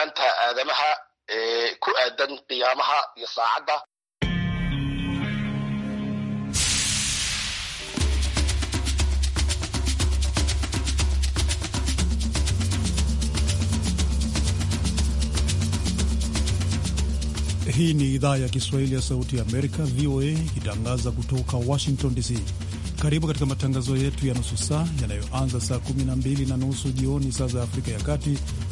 maanta aadamaha ee ku aadan qiyaamaha iyo saacadda. Hii ni idhaa ya Kiswahili ya Sauti ya Amerika, VOA, ikitangaza kutoka Washington DC. Karibu katika matangazo yetu ya nusu saa yanayoanza saa 12 na nusu jioni saa za Afrika ya Kati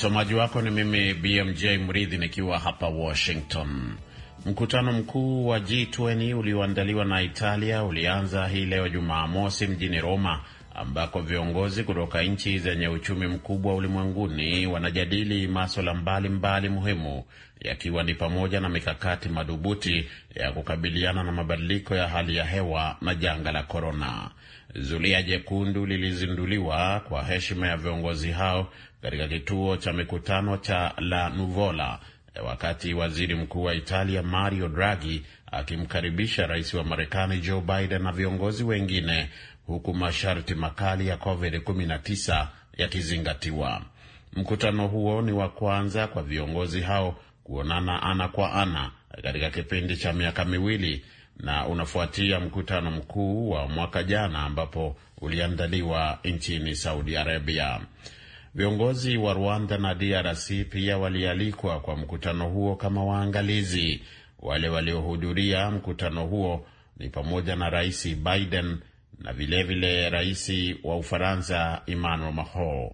Msomaji wako ni mimi BMJ Mridhi nikiwa hapa Washington. Mkutano mkuu wa G20 ulioandaliwa na Italia ulianza hii leo Jumamosi mjini Roma ambako viongozi kutoka nchi zenye uchumi mkubwa ulimwenguni wanajadili maswala mbalimbali muhimu yakiwa ni pamoja na mikakati madhubuti ya kukabiliana na mabadiliko ya hali ya hewa na janga la korona. Zulia jekundu lilizinduliwa kwa heshima ya viongozi hao katika kituo cha mikutano cha La Nuvola wakati waziri mkuu wa Italia Mario Draghi akimkaribisha rais wa Marekani Joe Biden na viongozi wengine huku masharti makali ya COVID-19 yakizingatiwa. Mkutano huo ni wa kwanza kwa viongozi hao kuonana ana kwa ana katika kipindi cha miaka miwili na unafuatia mkutano mkuu wa mwaka jana ambapo uliandaliwa nchini Saudi Arabia. Viongozi wa Rwanda na DRC pia walialikwa kwa mkutano huo kama waangalizi. Wale waliohudhuria mkutano huo ni pamoja na Rais Biden na vilevile rais wa Ufaransa Emmanuel Macron.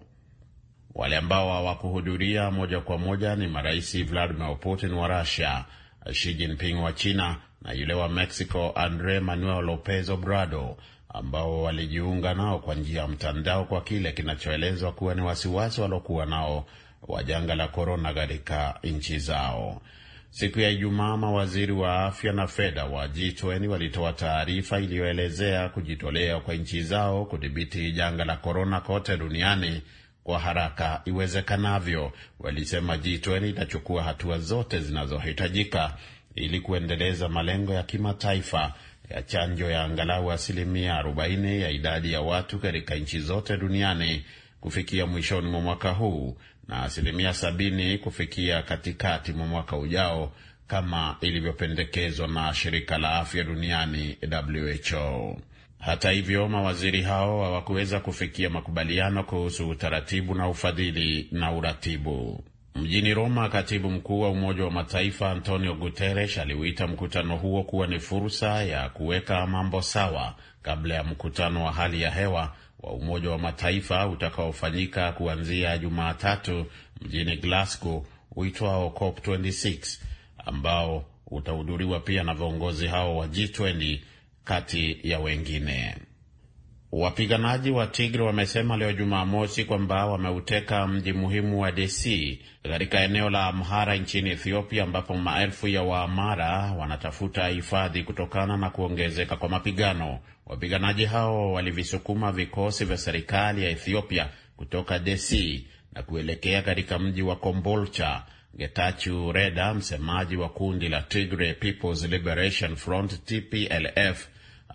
Wale ambao hawakuhudhuria moja kwa moja ni marais Vladimir Putin wa Russia Xi Jinping wa China na yule wa Mexico Andre Manuel Lopez Obrador ambao walijiunga nao kwa njia ya mtandao kwa kile kinachoelezwa kuwa ni wasiwasi waliokuwa nao wa janga la korona katika nchi zao. Siku ya Ijumaa, mawaziri wa afya na fedha wa G20 walitoa taarifa iliyoelezea kujitolea kwa nchi zao kudhibiti janga la korona kote duniani kwa haraka iwezekanavyo. Walisema G20 itachukua hatua zote zinazohitajika ili kuendeleza malengo ya kimataifa ya chanjo ya angalau asilimia 40 ya idadi ya watu katika nchi zote duniani kufikia mwishoni mwa mwaka huu na asilimia 70 kufikia katikati mwa mwaka ujao kama ilivyopendekezwa na shirika la afya duniani WHO. Hata hivyo, mawaziri hao hawakuweza kufikia makubaliano kuhusu utaratibu na ufadhili na uratibu. Mjini Roma, katibu mkuu wa Umoja wa Mataifa Antonio Guterres aliuita mkutano huo kuwa ni fursa ya kuweka mambo sawa kabla ya mkutano wa hali ya hewa wa Umoja wa Mataifa utakaofanyika kuanzia Jumatatu mjini Glasgow uitwao COP 26 ambao utahudhuriwa pia na viongozi hao wa G20 kati ya wengine. Wapiganaji wa Tigri wamesema leo Jumamosi kwamba wameuteka mji muhimu wa Desi katika eneo la Amhara nchini Ethiopia, ambapo maelfu ya Waamara wanatafuta hifadhi kutokana na kuongezeka kwa mapigano. Wapiganaji hao walivisukuma vikosi vya serikali ya Ethiopia kutoka Desi na kuelekea katika mji wa Kombolcha. Getachew Reda, msemaji wa kundi la Tigray People's Liberation Front TPLF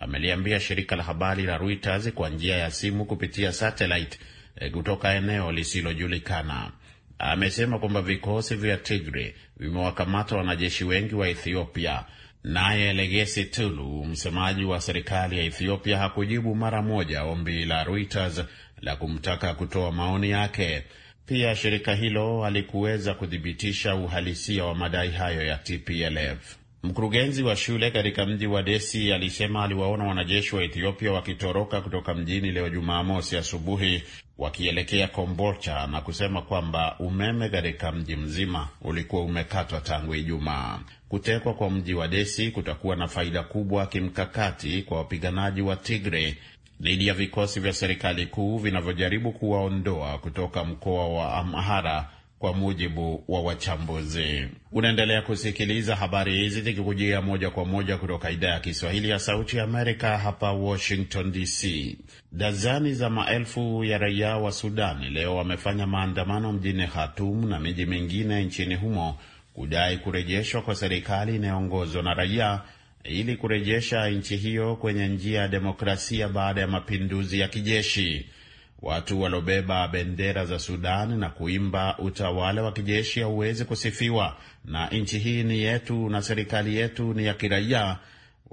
ameliambia shirika la habari la Reuters kwa njia ya simu kupitia satellite eh, kutoka eneo lisilojulikana. Amesema kwamba vikosi vya Tigray vimewakamata wanajeshi wengi wa Ethiopia. Naye Legesi Tulu, msemaji wa serikali ya Ethiopia, hakujibu mara moja ombi la Reuters la kumtaka kutoa maoni yake. Pia shirika hilo halikuweza kuthibitisha uhalisia wa madai hayo ya TPLF. Mkurugenzi wa shule katika mji wa Desi alisema aliwaona wanajeshi wa Ethiopia wakitoroka kutoka mjini leo Jumamosi asubuhi wakielekea Kombocha na kusema kwamba umeme katika mji mzima ulikuwa umekatwa tangu Ijumaa. Kutekwa kwa mji wa Desi kutakuwa na faida kubwa kimkakati kwa wapiganaji wa Tigre dhidi ya vikosi vya serikali kuu vinavyojaribu kuwaondoa kutoka mkoa wa Amhara kwa mujibu wa wachambuzi. Unaendelea kusikiliza habari hizi zikikujia moja kwa moja kutoka idhaa ya Kiswahili ya Sauti ya Amerika, hapa Washington DC. Dazani za maelfu ya raia wa Sudani leo wamefanya maandamano mjini Khartoum na miji mingine nchini humo kudai kurejeshwa kwa serikali inayoongozwa na raia ili kurejesha nchi hiyo kwenye njia ya demokrasia baada ya mapinduzi ya kijeshi. Watu waliobeba bendera za Sudan na kuimba utawala wa kijeshi hauwezi kusifiwa, na nchi hii ni yetu na serikali yetu ni ya kiraia,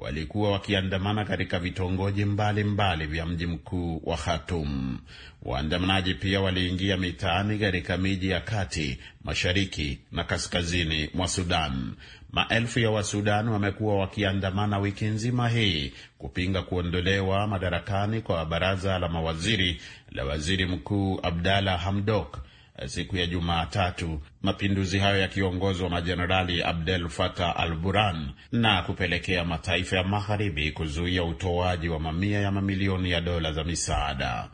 walikuwa wakiandamana katika vitongoji mbalimbali vya mji mkuu wa Khartoum. Waandamanaji pia waliingia mitaani katika miji ya kati, mashariki na kaskazini mwa Sudan. Maelfu ya Wasudan wamekuwa wakiandamana wiki nzima hii kupinga kuondolewa madarakani kwa baraza la mawaziri la waziri mkuu Abdalla Hamdok siku ya Jumatatu, mapinduzi hayo yakiongozwa na Jenerali Abdel Fattah al Burhan na kupelekea mataifa ya magharibi kuzuia utoaji wa mamia ya mamilioni ya dola za misaada.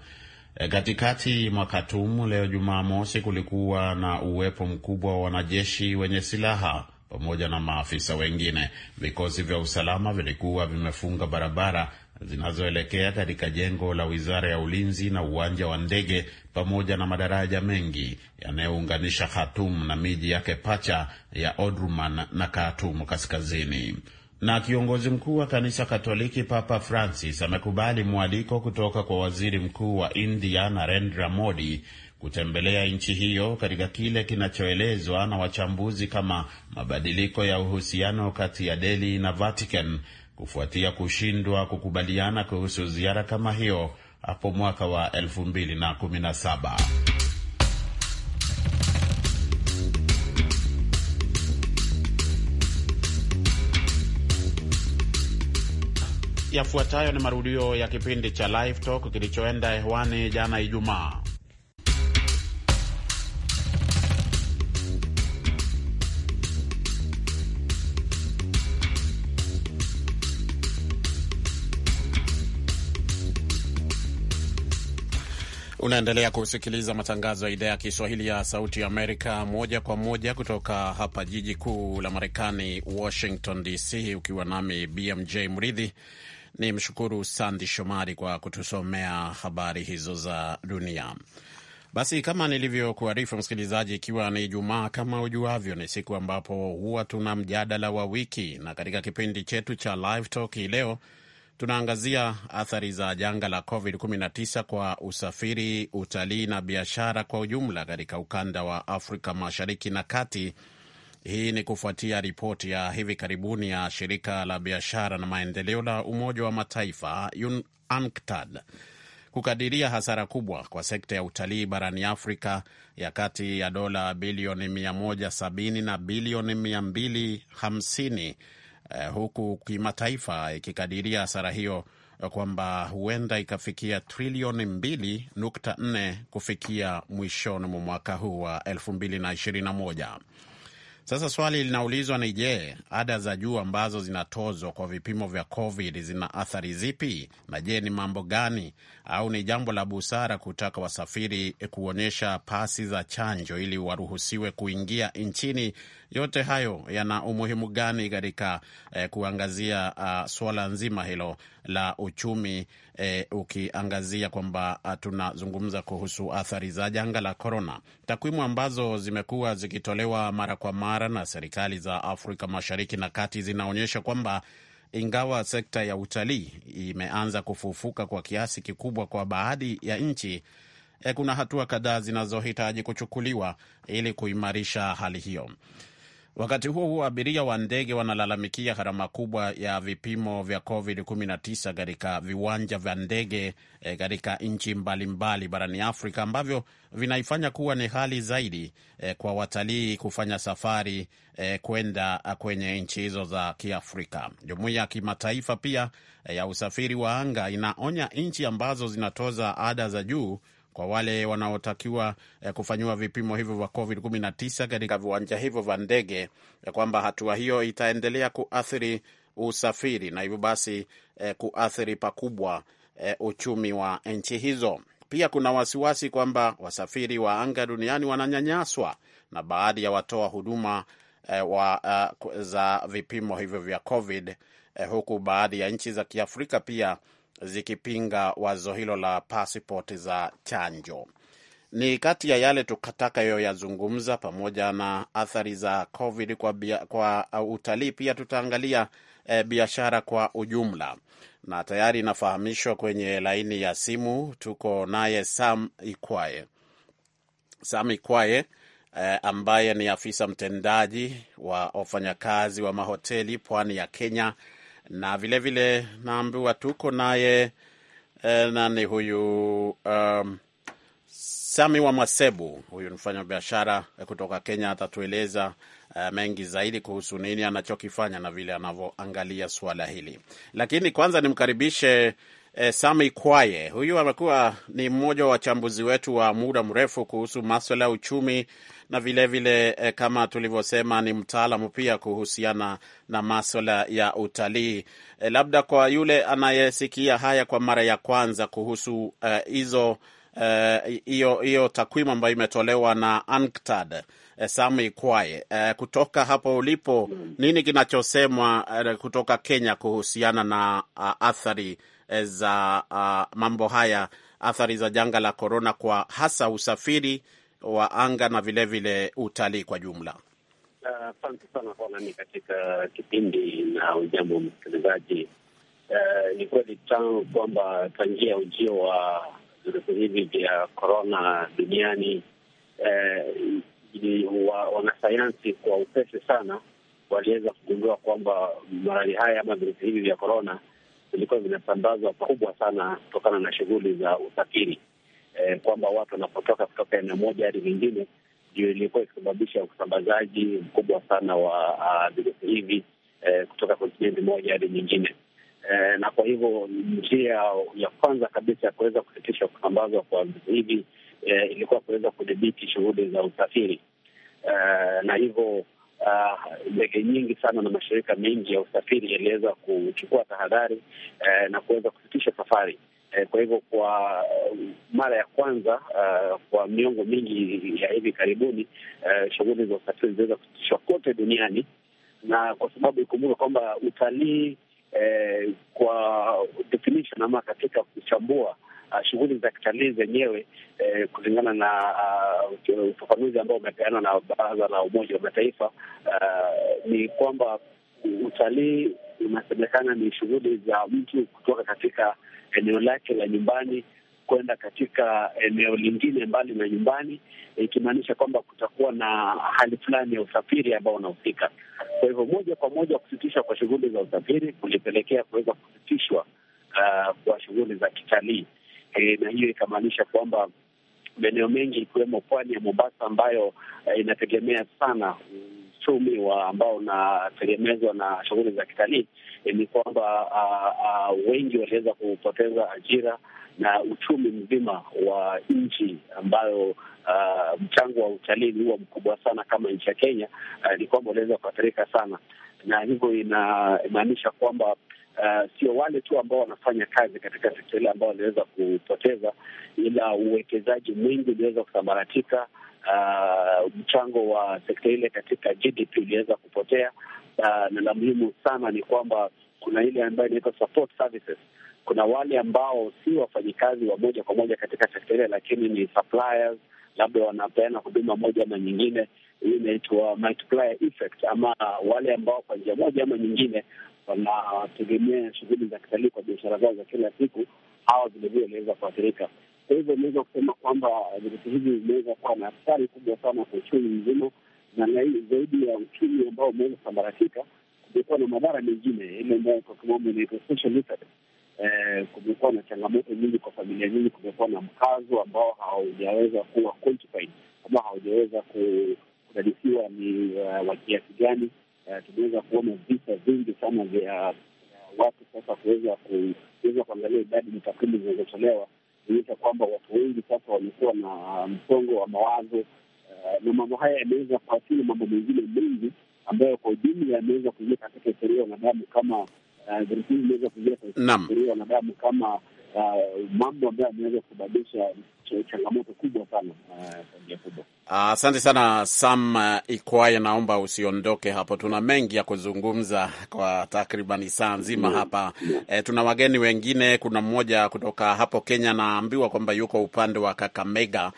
E, katikati mwa Khartoum leo Jumamosi, kulikuwa na uwepo mkubwa wa wanajeshi wenye silaha pamoja na maafisa wengine. Vikosi vya usalama vilikuwa vimefunga barabara zinazoelekea katika jengo la wizara ya ulinzi na uwanja wa ndege pamoja na madaraja mengi yanayounganisha Khartoum na miji yake pacha ya Omdurman na Khartoum kaskazini. Na kiongozi mkuu wa kanisa Katoliki Papa Francis amekubali mwaliko kutoka kwa waziri mkuu wa India Narendra Modi kutembelea nchi hiyo katika kile kinachoelezwa na wachambuzi kama mabadiliko ya uhusiano kati ya Delhi na Vatican kufuatia kushindwa kukubaliana kuhusu ziara kama hiyo hapo mwaka wa 2017. Yafuatayo ni marudio ya kipindi cha Live Talk kilichoenda hewani jana Ijumaa. Unaendelea kusikiliza matangazo ya idhaa ya Kiswahili ya Sauti Amerika moja kwa moja kutoka hapa jiji kuu la Marekani, Washington DC, ukiwa nami BMJ Mridhi. Ni mshukuru Sandi Shomari kwa kutusomea habari hizo za dunia. Basi kama nilivyokuarifu msikilizaji, ikiwa ni Ijumaa, kama ujuavyo, ni siku ambapo huwa tuna mjadala wa wiki, na katika kipindi chetu cha Live Talk hii leo Tunaangazia athari za janga la COVID-19 kwa usafiri, utalii na biashara kwa ujumla katika ukanda wa Afrika Mashariki na Kati. Hii ni kufuatia ripoti ya hivi karibuni ya shirika la biashara na maendeleo la Umoja wa Mataifa UNCTAD kukadiria hasara kubwa kwa sekta ya utalii barani Afrika ya kati ya dola bilioni 170 na bilioni 250 eh, huku kimataifa ikikadiria hasara hiyo kwamba huenda ikafikia trilioni mbili nukta nne kufikia mwishoni mwa mwaka huu wa elfu mbili na ishirini na moja. Sasa swali linaulizwa ni je, ada za juu ambazo zinatozwa kwa vipimo vya COVID zina athari zipi? Na je, ni mambo gani au ni jambo la busara kutaka wasafiri kuonyesha pasi za chanjo ili waruhusiwe kuingia nchini? Yote hayo yana umuhimu gani katika eh, kuangazia uh, ah, suala nzima hilo la uchumi e, ukiangazia kwamba ah, tunazungumza kuhusu athari za janga la korona. Takwimu ambazo zimekuwa zikitolewa mara kwa mara na serikali za Afrika Mashariki na Kati zinaonyesha kwamba ingawa sekta ya utalii imeanza kufufuka kwa kiasi kikubwa kwa baadhi ya nchi e, kuna hatua kadhaa zinazohitaji kuchukuliwa ili kuimarisha hali hiyo. Wakati huo huo, abiria wa ndege wanalalamikia gharama kubwa ya vipimo vya COVID-19 katika viwanja vya ndege eh, katika nchi mbalimbali barani Afrika ambavyo vinaifanya kuwa ni hali zaidi eh, kwa watalii kufanya safari eh, kwenda ah, kwenye nchi hizo za Kiafrika. Jumuiya ya kimataifa pia ya usafiri wa anga inaonya nchi ambazo zinatoza ada za juu kwa wale wanaotakiwa eh, kufanyiwa vipimo hivyo vya COVID-19 katika viwanja hivyo vya ndege, kwamba hatua hiyo itaendelea kuathiri usafiri na hivyo basi eh, kuathiri pakubwa eh, uchumi wa nchi hizo. Pia kuna wasiwasi kwamba wasafiri wa anga duniani wananyanyaswa na baadhi ya watoa huduma eh, wa, uh, za vipimo hivyo vya COVID eh, huku baadhi ya nchi za Kiafrika pia zikipinga wazo hilo la pasipoti za chanjo. Ni kati ya yale tutakayoyazungumza pamoja na athari za COVID kwa, kwa uh, utalii. Pia tutaangalia e, biashara kwa ujumla, na tayari inafahamishwa kwenye laini ya simu tuko naye Sam Ikwaye. Sam Ikwaye e, ambaye ni afisa mtendaji wa wafanyakazi wa mahoteli pwani ya Kenya na vilevile naambiwa tuko naye e, nani huyu um, Sami wa Mwasebu, huyu biashara eh, kutoka Kenya, atatueleza uh, mengi zaidi kuhusu nini anachokifanya na vile anavyoangalia suala hili, lakini kwanza nimkaribishe eh, Sami Kwaye huyu amekuwa ni mmoja wa wachambuzi wetu wa muda mrefu kuhusu maswala ya uchumi na vilevile vile, eh, kama tulivyosema ni mtaalamu pia kuhusiana na maswala ya utalii. eh, labda kwa yule anayesikia haya kwa mara ya kwanza kuhusu eh, hizo e, hiyo takwimu ambayo imetolewa na ANKTAD e, Sami kutoka hapo ulipo, hmm. nini kinachosemwa e, kutoka Kenya kuhusiana na uh, athari Eh, za uh, mambo haya, athari za janga la korona, kwa hasa usafiri wa anga na vilevile utalii kwa jumla. Ah, asante uh, sana kwa nami katika kipindi na ujambo msikilizaji. Uh, ni kweli tangu kwamba tangia ujio wa virusi hivi vya korona duniani uh, wa, wanasayansi kwa upesi sana waliweza kugundua kwamba marali haya ama virusi hivi vya korona zilikuwa zinasambazwa kubwa sana kutokana na shughuli za usafiri e, kwamba watu wanapotoka kutoka eneo moja hadi lingine, ndio ilikuwa ikisababisha usambazaji mkubwa sana wa virusi hivi e, kutoka kontinenti moja hadi nyingine. E, na kwa hivyo njia ya kwanza kabisa ya kuweza kusitisha kusambazwa kwa virusi hivi e, ilikuwa kuweza kudhibiti shughuli za usafiri e, na hivyo Ah, ndege uh, nyingi sana na mashirika mengi ya usafiri yaliweza kuchukua tahadhari uh, na kuweza kusitisha safari uh, kwa hivyo kwa uh, mara ya kwanza uh, kwa miongo mingi ya hivi karibuni uh, shughuli za usafiri ziliweza kusitishwa kote duniani, na kwa sababu ikumbuka kwamba utalii uh, kwa definition ama katika kuchambua uh, shughuli za kitalii zenyewe eh, kulingana na uh, ufafanuzi ambao umepeanwa na Baraza la Umoja wa Mataifa uh, ni kwamba utalii unasemekana ni shughuli za mtu kutoka katika eneo lake la nyumbani kwenda katika eneo lingine mbali na nyumbani, ikimaanisha kwamba kutakuwa na hali fulani ya usafiri ambao unahusika. Kwa hivyo moja kwa moja kusitishwa kwa shughuli za usafiri kulipelekea kuweza kusitishwa uh, kwa shughuli za kitalii e, na hiyo ikamaanisha kwamba maeneo mengi ikiwemo pwani ya Mombasa ambayo e, inategemea sana uchumi wa ambao unategemezwa na shughuli za kitalii e, ni kwamba wengi waliweza kupoteza ajira na uchumi mzima wa nchi ambayo uh, mchango wa utalii huwa mkubwa sana kama nchi ya Kenya uh, ni kwamba unaweza kuathirika sana, na hivyo inamaanisha kwamba uh, sio wale tu ambao wanafanya kazi katika sekta ile ambao waliweza kupoteza, ila uwekezaji mwingi uliweza kusambaratika. Uh, mchango wa sekta ile katika GDP uliweza kupotea. Uh, na la muhimu sana ni kwamba kuna ile ambayo inaitwa support services. Kuna wale ambao si wafanyikazi wa moja kwa moja katika sekta ile, lakini ni suppliers, labda wanapeana huduma moja ama nyingine. Hii inaitwa multiplier effect, ama wale ambao kwa njia moja ama nyingine wanategemea shughuli za kitalii kwa biashara zao za kila siku, hawa vilevile waliweza kuathirika. Kwa hivyo unaweza kusema kwamba virusi hivi vimeweza kuwa na athari kubwa sana kwa uchumi mzima, na zaidi ya uchumi ambao umeweza kusambaratika, kumekuwa na madhara mengine, ile ambayo kwa kimombo inaitwa social effect. Eh, kumekuwa na changamoto nyingi kwa familia nyingi, kumekuwa na mkazo ambao haujaweza kuwa quantified, ambao haujaweza kudadisiwa ni eh, wa kiasi gani eh, tumeweza kuona visa vingi sana vya watu sasa kuweza kuweza kuangalia idadi na takwimu zinazotolewa kuonyesha kwamba watu wengi sasa wamekuwa na msongo wa mawazo eh, na mambo haya yameweza kuathiri mambo mengine mengi ambayo kwa ujumla yameweza kuingia katika historia ya wanadamu kama eh, virusi imeweza kuingia katika historia ya wanadamu kama eh, mambo ambayo yameweza kusababisha changamoto kubwa sana uh, kubwa. Asante sana Sam uh, eh, Ikwaya, naomba usiondoke hapo, tuna mengi ya kuzungumza kwa takribani saa nzima mm-hmm. hapa e, tuna wageni wengine. Kuna mmoja kutoka hapo Kenya naambiwa kwamba yuko upande wa Kakamega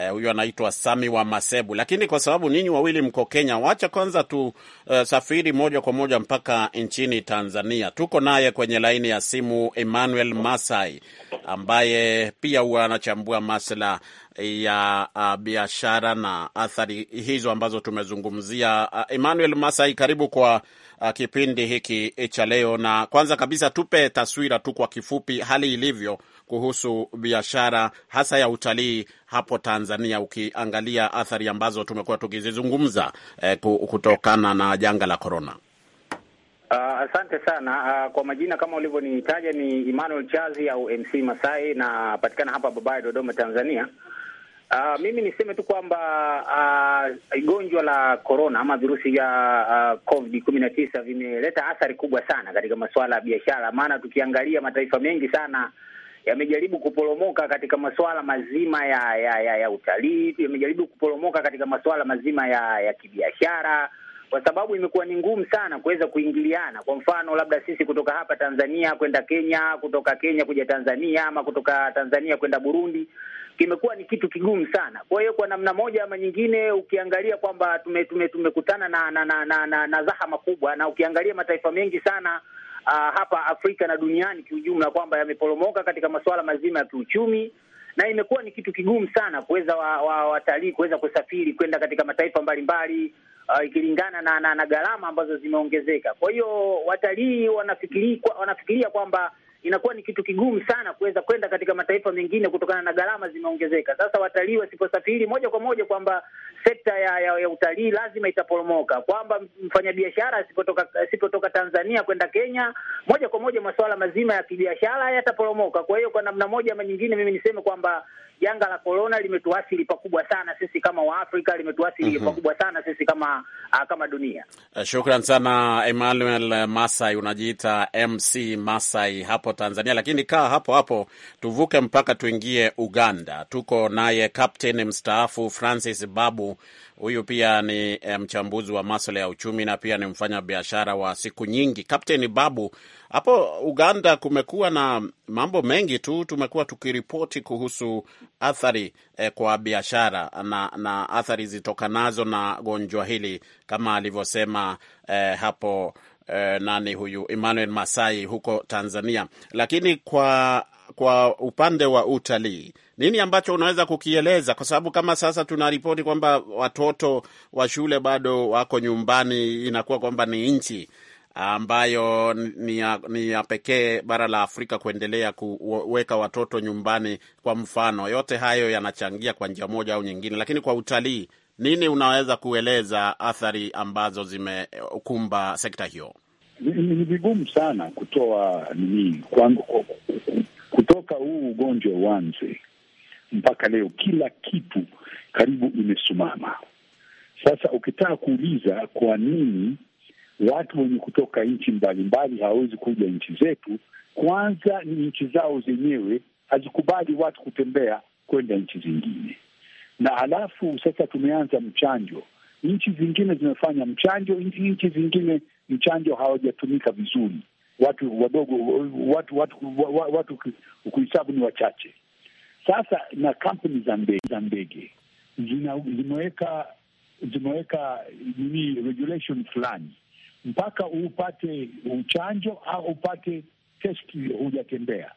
E, huyu anaitwa Sami wa Masebu, lakini kwa sababu ninyi wawili mko Kenya, wacha kwanza tusafiri uh, moja kwa moja mpaka nchini Tanzania. Tuko naye kwenye laini ya simu Emmanuel Masai ambaye pia huwa anachambua masuala ya uh, biashara na athari hizo ambazo tumezungumzia. Uh, Emmanuel Masai, karibu kwa uh, kipindi hiki e, cha leo, na kwanza kabisa tupe taswira tu kwa kifupi hali ilivyo kuhusu biashara hasa ya utalii hapo Tanzania, ukiangalia athari ambazo tumekuwa tukizizungumza eh, kutokana na janga la korona. Uh, asante sana uh, kwa majina kama ulivyonitaja ni Emmanuel Chazi au MC Masai na patikana hapa Babaye, Dodoma, Tanzania. Uh, mimi niseme tu kwamba uh, gonjwa la corona ama virusi vya uh, covid kumi na tisa vimeleta athari kubwa sana katika masuala ya biashara, maana tukiangalia mataifa mengi sana yamejaribu kuporomoka katika masuala mazima ya ya, ya, ya utalii, yamejaribu kuporomoka katika masuala mazima ya, ya kibiashara kwa sababu imekuwa ni ngumu sana kuweza kuingiliana. Kwa mfano, labda sisi kutoka hapa Tanzania kwenda Kenya, kutoka Kenya kuja Tanzania, ama kutoka Tanzania kwenda Burundi, kimekuwa ni kitu kigumu sana. Kwa hiyo, kwa namna moja ama nyingine, ukiangalia kwamba tume, tume, tumekutana na na, na, na, na, na dhahama kubwa, na ukiangalia mataifa mengi sana Uh, hapa Afrika na duniani kiujumla kwamba yameporomoka katika masuala mazima ya kiuchumi, na imekuwa ni kitu kigumu sana kuweza watalii wa, wa kuweza kusafiri kwenda katika mataifa mbalimbali uh, ikilingana na, na, na gharama ambazo zimeongezeka. Kwa hiyo watalii wanafikiria kwamba inakuwa ni kitu kigumu sana kuweza kwenda katika mataifa mengine kutokana na gharama zimeongezeka. Sasa watalii wasiposafiri moja kwa moja kwamba sekta ya, ya, ya utalii lazima itaporomoka, kwamba mfanyabiashara asipotoka asipotoka Tanzania kwenda Kenya moja kwa moja masuala mazima ya kibiashara yataporomoka. Kwa hiyo kwa namna moja ama nyingine, mimi niseme kwamba janga la korona limetuathiri pakubwa sana sisi kama Waafrika, limetuathiri mm -hmm. pakubwa sana sisi kama uh, kama dunia. Eh, shukran sana Emmanuel Masai, unajiita MC Masai hapo Tanzania, lakini kaa hapo hapo, tuvuke mpaka tuingie Uganda. Tuko naye captain mstaafu Francis Babu huyu pia ni eh, mchambuzi wa masuala ya uchumi na pia ni mfanya biashara wa siku nyingi. Kapteni Babu, hapo Uganda kumekuwa na mambo mengi tu, tumekuwa tukiripoti kuhusu athari eh, kwa biashara na, na athari zitokanazo na gonjwa hili kama alivyosema eh, hapo Eh, nani huyu Emmanuel Masai huko Tanzania, lakini kwa kwa upande wa utalii, nini ambacho unaweza kukieleza? Kwa sababu kama sasa tunaripoti kwamba watoto wa shule bado wako nyumbani, inakuwa kwamba ni nchi ambayo ni ya, ni ya pekee bara la Afrika kuendelea kuweka watoto nyumbani. Kwa mfano, yote hayo yanachangia kwa njia moja au nyingine, lakini kwa utalii, nini unaweza kueleza athari ambazo zimekumba sekta hiyo? Ni vigumu sana kutoa nini, toka huu ugonjwa uanze mpaka leo, kila kitu karibu imesimama. Sasa ukitaka kuuliza kwa nini watu wenye kutoka nchi mbalimbali hawawezi kuja nchi zetu, kwanza ni nchi zao zenyewe hazikubali watu kutembea kwenda nchi zingine, na halafu sasa tumeanza mchanjo. Nchi zingine zimefanya mchanjo, nchi zingine mchanjo hawajatumika vizuri watu wadogo, watu watu watu kuhesabu ni wachache. Sasa na kampuni za ndege za ndege zimeweka zimeweka nini regulation fulani, mpaka upate uchanjo au upate test hujatembea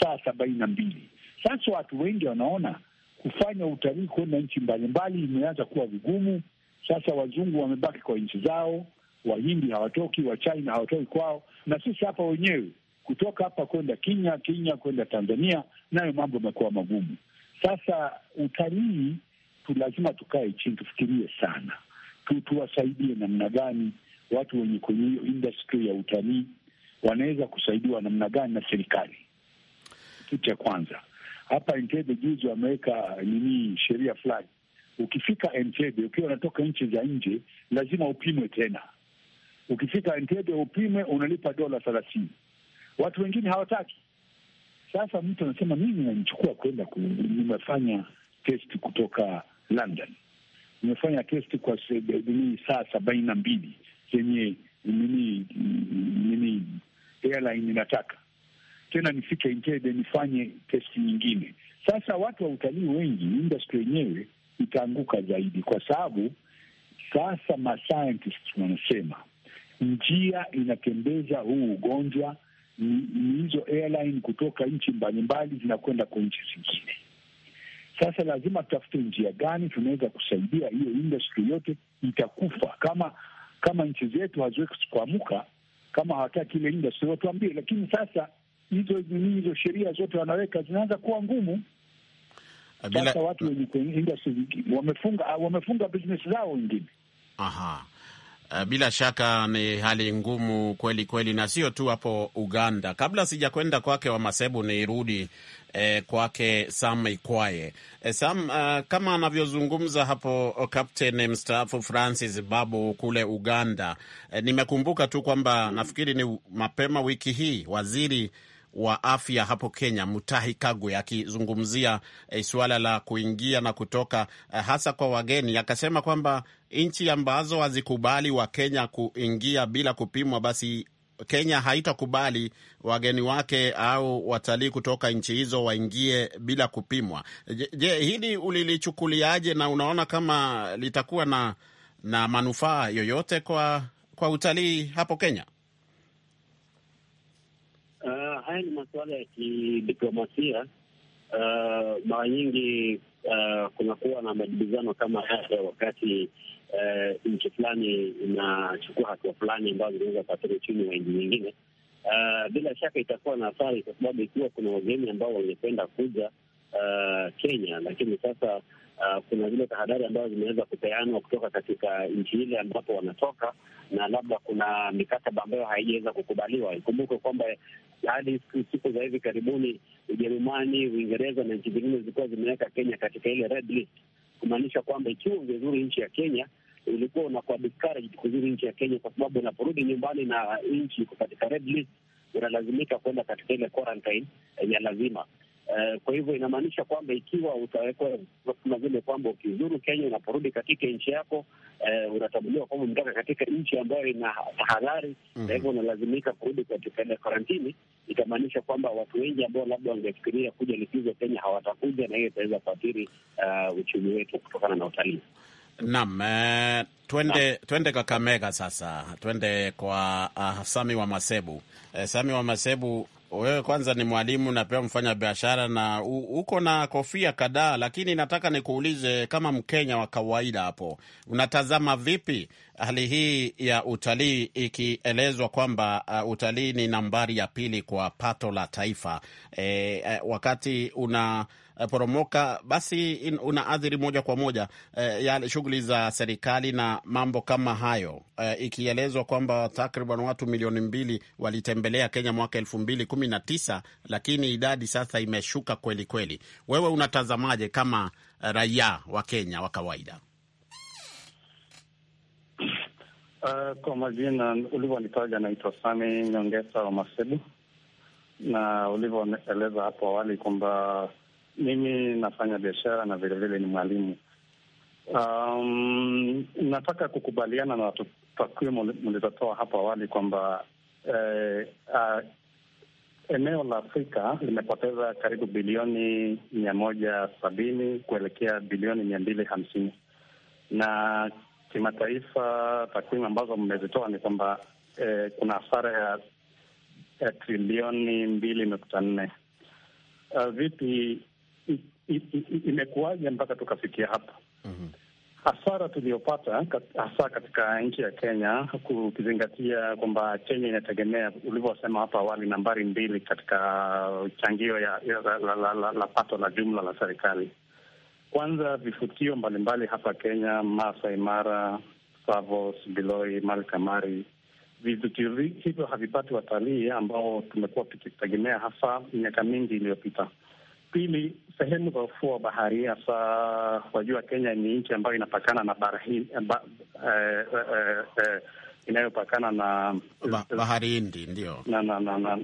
saa sabaini na mbili. Sasa watu wengi wanaona kufanya utalii kwenda nchi mbalimbali imeanza kuwa vigumu. Sasa wazungu wamebaki kwa nchi zao, Wahindi hawatoki, Wachina hawatoki kwao, na sisi hapa wenyewe kutoka hapa kwenda Kenya, Kenya kwenda Tanzania, nayo mambo yamekuwa magumu. Sasa utalii tu, lazima tukae chini tufikirie sana tu, tuwasaidie namna gani watu wenye kwenye hiyo industry ya utalii wanaweza kusaidiwa namna gani na serikali. Kitu cha kwanza hapa Entebbe juzi wameweka uh, nini, sheria fulani, ukifika Entebbe ukiwa unatoka nchi za nje lazima upimwe tena Ukifika Entebbe upime, unalipa dola thelathini. Watu wengine hawataki. Sasa mtu anasema mimi nanichukua kwenda ku, nimefanya testi kutoka London, nimefanya testi kwa nini saa sabaini na mbili zenye nini nini airline inataka tena nifike Entebbe nifanye testi nyingine. Sasa watu wa utalii wengi, industry yenyewe itaanguka zaidi, kwa sababu sasa ma scientists wanasema njia inatembeza huu ugonjwa ni hizo airline kutoka nchi mbalimbali zinakwenda kwa nchi zingine. Sasa lazima tutafute njia gani tunaweza kusaidia hiyo industry yote itakufa kama kama nchi zetu haziwezi kuamuka, kama hawataki ile industry watuambie. Lakini sasa hizo hizo sheria zote wanaweka zinaanza kuwa ngumu. Sasa watu wenye industry wamefunga wamefunga business zao wengine. Aha. Eh, bila shaka ni hali ngumu kweli kweli, na sio tu hapo Uganda. Kabla sijakwenda kwake Wamasebu, nirudi eh, kwake Sam Ikwaye. Eh, Sam, uh, kama anavyozungumza hapo oh, Captain eh, mstaafu Francis Babu kule Uganda, eh, nimekumbuka tu kwamba nafikiri ni mapema wiki hii waziri wa afya hapo Kenya, Mutahi Kagwe, akizungumzia eh, suala la kuingia na kutoka eh, hasa kwa wageni, akasema kwamba nchi ambazo hazikubali Wakenya kuingia bila kupimwa, basi Kenya haitakubali wageni wake au watalii kutoka nchi hizo waingie bila kupimwa. Je, je, hili ulilichukuliaje na unaona kama litakuwa na na manufaa yoyote kwa, kwa utalii hapo Kenya? haya ni masuala ya kidiplomasia. Uh, mara nyingi uh, kunakuwa na majibizano kama haya wakati uh, nchi fulani inachukua hatua fulani ambazo zinaweza kuathiri uchumi wa nchi nyingine. Uh, bila shaka itakuwa na athari, kwa sababu ikiwa kuna wageni ambao wangependa kuja uh, Kenya, lakini sasa uh, kuna zile tahadhari ambazo zimeweza kupeanwa kutoka katika nchi ile ambapo wanatoka, na labda kuna mikataba ambayo haijaweza kukubaliwa. Ikumbuke kwamba hadi yaani, siku za hivi karibuni Ujerumani, Uingereza na nchi zingine zilikuwa zimeweka Kenya katika ile red list, kumaanisha kwamba ikiwa ungezuri nchi ya Kenya ulikuwa unakuwa discouraged kuzuri nchi ya Kenya, kwa sababu unaporudi nyumbani na nchi iko katika red list unalazimika kwenda katika ile quarantine ya lazima. Eh, kwa hivyo inamaanisha kwamba ikiwa utawekwa kama vile kwamba ukizuru Kenya unaporudi katika nchi yako uh, unatambuliwa kwamba umetoka katika nchi ambayo ina tahadhari mm -hmm. Na mhm. hivyo unalazimika kurudi katika ile karantini. Itamaanisha kwamba watu wengi ambao labda wangefikiria kuja likizo Kenya hawatakuja, na hiyo itaweza kuathiri uh, uchumi wetu kutokana na utalii. Naam, eh, twende, twende Kakamega sasa, twende kwa uh, Sami wa Masebu eh, Sami wa Masebu wewe kwanza ni mwalimu na pia mfanya biashara na uko na kofia kadhaa, lakini nataka nikuulize, kama Mkenya wa kawaida hapo, unatazama vipi hali hii ya utalii ikielezwa kwamba uh, utalii ni nambari ya pili kwa pato la taifa e, e wakati una e, poromoka basi athiri moja kwa moja e, ya shughuli za serikali na mambo kama hayo e, ikielezwa kwamba takriban watu milioni mbili walitembelea Kenya mwaka elfu mbili kumi na tisa, lakini idadi sasa imeshuka kweli kweli. Wewe unatazamaje kama e, raia wa Kenya wa kawaida? Uh, kwa majina ulivyonitaja naitwa Sami Nyongesa wa Masebu, na ulivyoeleza hapo awali kwamba mimi nafanya biashara na vilevile ni mwalimu. Um, nataka kukubaliana na takwimu mlizotoa hapo awali kwamba eh, uh, eneo la Afrika limepoteza karibu bilioni mia moja sabini kuelekea bilioni mia mbili hamsini na kimataifa, takwimu ambazo mmezitoa ni kwamba eh, kuna hasara ya, ya trilioni mbili nukta nne. Uh, vipi imekuwaje mpaka tukafikia hapa? mm -hmm. Hasara tuliyopata hasa katika nchi ya Kenya, kukizingatia kwamba Kenya inategemea ulivyosema hapo awali, nambari mbili katika changio ya, ya, la, la, la, la pato la jumla la serikali. Kwanza vivutio mbalimbali hapa Kenya, Maasai Mara, Savos, Biloi, Malkamari, vivutio hivyo havipati watalii ambao tumekuwa tukitegemea hasa miaka mingi iliyopita. Pili, sehemu za ufuo wa bahari, hasa wajua, Kenya ni nchi ambayo inapakana na bara eh, ba, eh, eh, eh, eh, inayopakana na ba, bahari Hindi, ndio na, na, na, na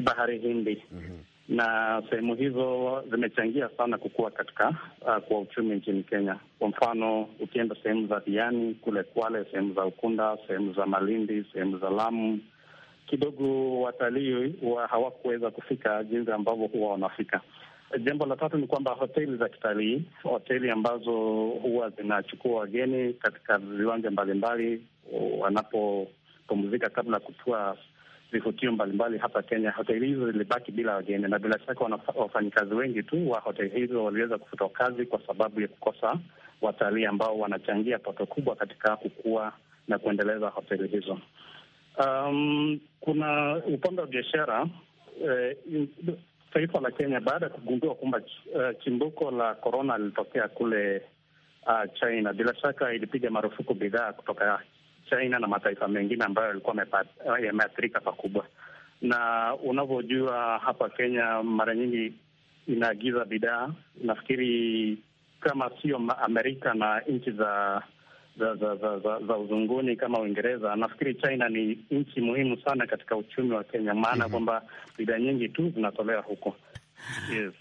bahari Hindi. mm -hmm na sehemu hizo zimechangia sana kukua katika uh, kwa uchumi nchini Kenya. Kwa mfano, ukienda sehemu za Diani kule Kwale, sehemu za Ukunda, sehemu za Malindi, sehemu za Lamu, kidogo watalii wa hawakuweza kufika jinsi ambavyo huwa wanafika. Jambo la tatu ni kwamba hoteli za kitalii, hoteli ambazo huwa zinachukua wageni katika viwanja mbalimbali wanapopumzika kabla ya kutua vivutio mbalimbali hapa Kenya. Hoteli hizo zilibaki bila wageni, na bila shaka wafanyikazi wengi tu wa hoteli hizo waliweza kufutwa kazi kwa sababu ya kukosa watalii ambao wanachangia pato kubwa katika kukua na kuendeleza hoteli hizo. Um, kuna upande wa biashara eh, taifa la Kenya baada ya kugundua kwamba uh, chimbuko la korona lilitokea kule uh, China, bila shaka ilipiga marufuku bidhaa kutoka China na mataifa mengine ambayo yalikuwa yameathirika pakubwa. Na unavyojua hapa Kenya mara nyingi inaagiza bidhaa, nafikiri kama sio Amerika na nchi za za za, za, za za uzunguni kama Uingereza, nafikiri China ni nchi muhimu sana katika uchumi wa Kenya, maana mhm. kwamba mm -hmm. bidhaa nyingi tu zinatolewa huko Yes.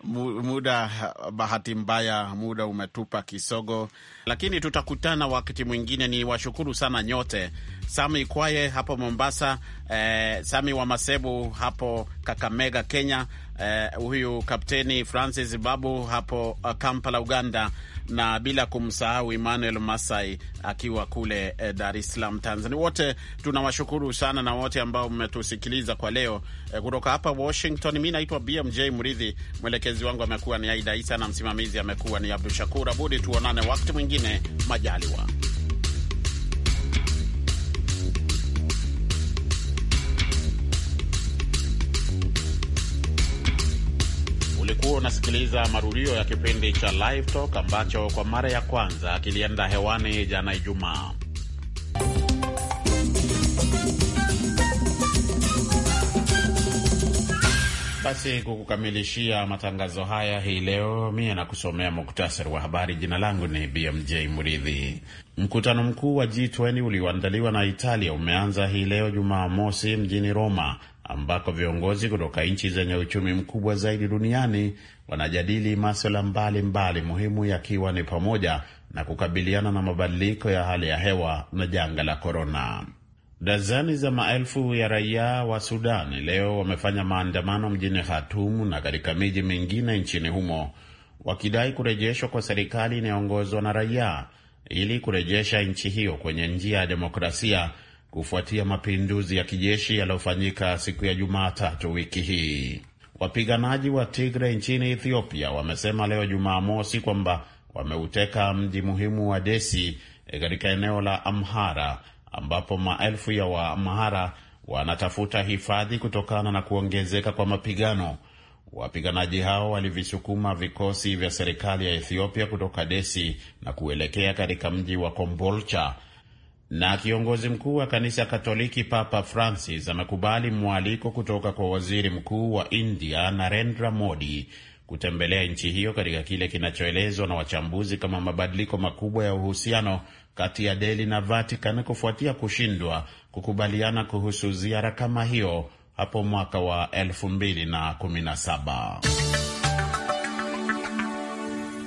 Muda, bahati mbaya, muda umetupa kisogo, lakini tutakutana wakati mwingine. Ni washukuru sana nyote, Sami Kwaye hapo Mombasa, eh, Sami wa Masebu hapo Kakamega, Kenya, eh, huyu Kapteni Francis Babu hapo eh, Kampala, Uganda, na bila kumsahau Emmanuel Masai akiwa kule eh, Dar es Salaam, Tanzania. Wote tunawashukuru sana na wote ambao mmetusikiliza kwa leo eh, kutoka hapa Washington. Mi naitwa BMJ Mridhi, mwelekezi wangu amekuwa ni Aida Isa na msimamizi amekuwa ni Abdu Shakur Abudi. Tuonane wakati mwingine, majaliwa. unasikiliza marudio ya kipindi cha Live Talk ambacho kwa mara ya kwanza kilienda hewani jana Ijumaa. Basi kukukamilishia matangazo haya hii leo, mie na kusomea muktasari wa habari. Jina langu ni BMJ Muridhi. Mkutano mkuu wa G20 ulioandaliwa na Italia umeanza hii leo Jumaa mosi mjini Roma ambako viongozi kutoka nchi zenye uchumi mkubwa zaidi duniani wanajadili maswala mbalimbali muhimu, yakiwa ni pamoja na kukabiliana na mabadiliko ya hali ya hewa na janga la korona. Dazani za maelfu ya raia wa sudan leo wamefanya maandamano mjini Khartoum na katika miji mingine nchini humo wakidai kurejeshwa kwa serikali inayoongozwa na raia ili kurejesha nchi hiyo kwenye njia ya demokrasia kufuatia mapinduzi ya kijeshi yaliyofanyika siku ya Jumatatu wiki hii. Wapiganaji wa Tigre nchini Ethiopia wamesema leo Jumamosi kwamba wameuteka mji muhimu wa Desi eh, katika eneo la Amhara ambapo maelfu ya Waamhara wanatafuta hifadhi kutokana na kuongezeka kwa mapigano. Wapiganaji hao walivisukuma vikosi vya serikali ya Ethiopia kutoka Desi na kuelekea katika mji wa Kombolcha na kiongozi mkuu wa kanisa Katoliki Papa Francis amekubali mwaliko kutoka kwa waziri mkuu wa India Narendra Modi kutembelea nchi hiyo katika kile kinachoelezwa na wachambuzi kama mabadiliko makubwa ya uhusiano kati ya deli na Vatican kufuatia kushindwa kukubaliana kuhusu ziara kama hiyo hapo mwaka wa 2017.